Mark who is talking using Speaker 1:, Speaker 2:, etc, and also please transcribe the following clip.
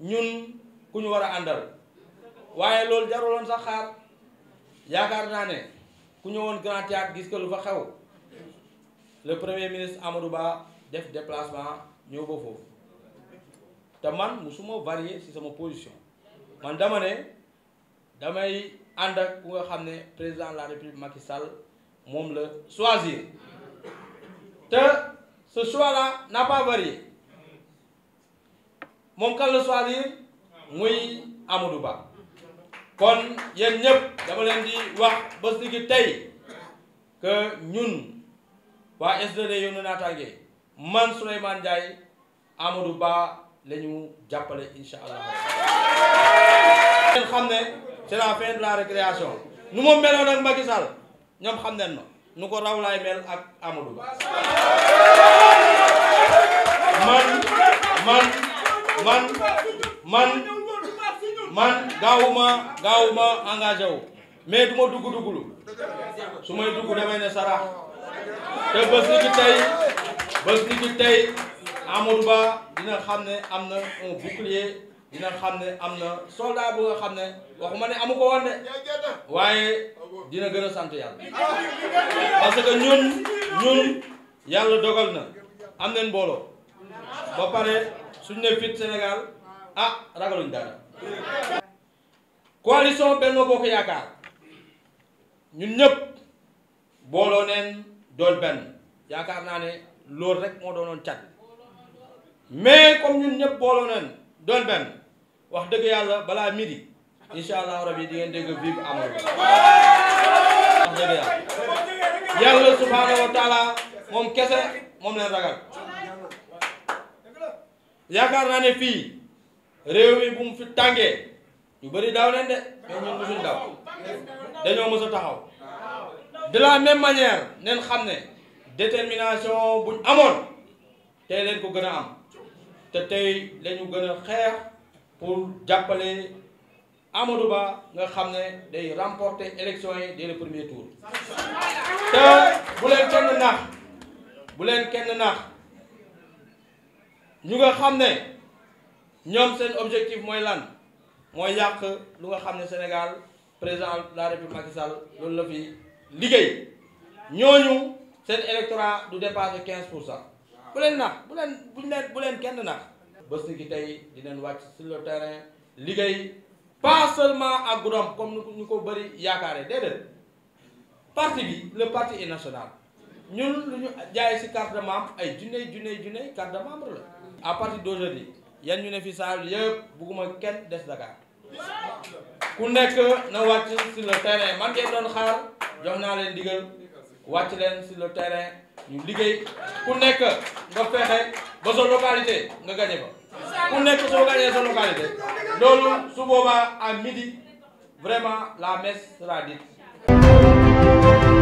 Speaker 1: ñun ku ñu war a àndal waaye loolu jaruloon sax xaar yaakaar naa ne ku ñëwoon Grand Théâtre gis ko lu fa xew le premier ministre Amadou Ba def déplacement ñëw ba foofu te man musuma varier si sama position man dama ne damay ànd ak ku nga xam ne président de la république Macky Sall moom la choisir te ce choix là n'a pas varié moom kan la choisir muy Amadou Ba kon yéen ñëpp dama leen di wax bés ni ki tey que ñun waa SDD Yonu Naataange man Souleymane Ndiaye Amadou Ba lañu jàppale insha allah ngeen la fin la récréation nu ma meloon ak Macky ñoom xam nañ ma nu ko raw laay mel ak Amadou Ba man man man man man gaawuma gaawuma engagé wu mais du ma dugg dugglu su may dugg damay ne sarax te bés tey bés tey Amadou Ba dina xam ne am na un bouclier dina xam ne am na soldat bu nga xam ne waxuma ne amu ko woon de waaye dina gën a sant yàlla parce que ñun ñun yàlla dogal na am nañ mbooloo ba pare suñ ne fit Sénégal ah ragaluñ dara coalition Benno Bokk Yaakaar ñun ñëpp booloo neen doon benn yaakaar naa ne loolu rek moo doonoon cat mais comme ñun ñëpp booloo neen doon benn wax dëgg yàlla balaa midi incha allah rabi di ngeen dégg vive Amadou wax dëgg yàlla
Speaker 2: yàlla subhanahu
Speaker 1: moom kese moom leen ragal yaakaar naa ne fii réew mi bu mu fi tàngee ñu bëri daaw leen de mais ñun mosuñ dañoo mos taxaw de la même manière neen xam ne détermination buñ amoon tey leen ko gën a am te tey lañu gën a xeex pour jàppale amatu Ba nga xam ne day remporter élection yi dès le premier tour te bu leen kenn nax bu leen kenn nax ñu nga xam ne ñoom seen objectif mooy lan mooy yàq lu nga xam ne Sénégal président de la République Macky loolu la fi liggéey ñooñu seen électorat du dépasser quinze pour cent bu leen nax bu leen buñ bu leen kenn nax bés ni ki tey dinañ wàcc sur le terrain liggéey pas seulement ak Goudomp comme ñu ko bëri yaakaare déedéet parti bi le parti est national ñun lu ñu jaay si carte de membre ay junne junne junne carte de membre la à partir d'aujourd'hui yan ñu ne fi saal yëpp bugguma kenn des Dakar ku nekk na wàcc sur le terrain man ngeen doon xaar jox naa leen digal wàcc leen si le terrain ñu liggéey ku nekk nga fexe ba sa localité nga gagné ko ku nekk soo gagné sa localité loolu su boobaa à midi vraiment la messe sera